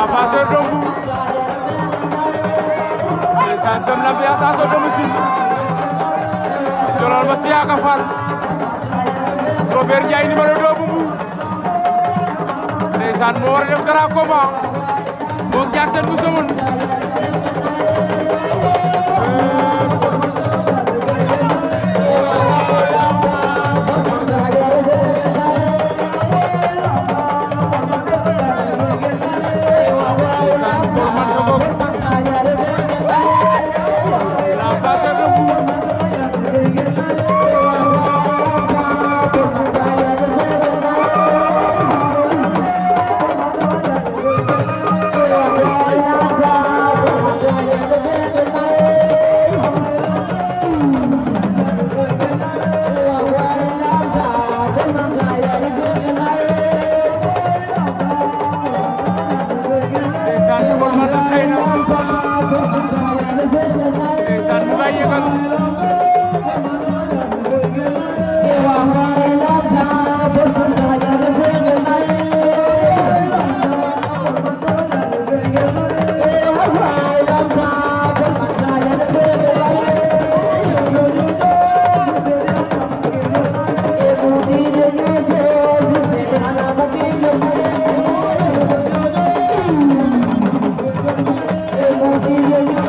waaw Passeur Dombu ndeysaan sem na biya Passeur Dombu sin jolol ba si yaaka far Robert Ndiaye numéro deux bu mbu ndeysaan moo war a def grand combat moo jaag seen bu आइएगा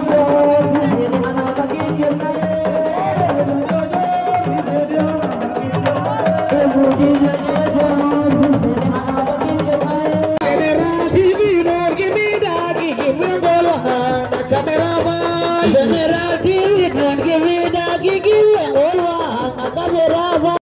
Thank you. Thank you.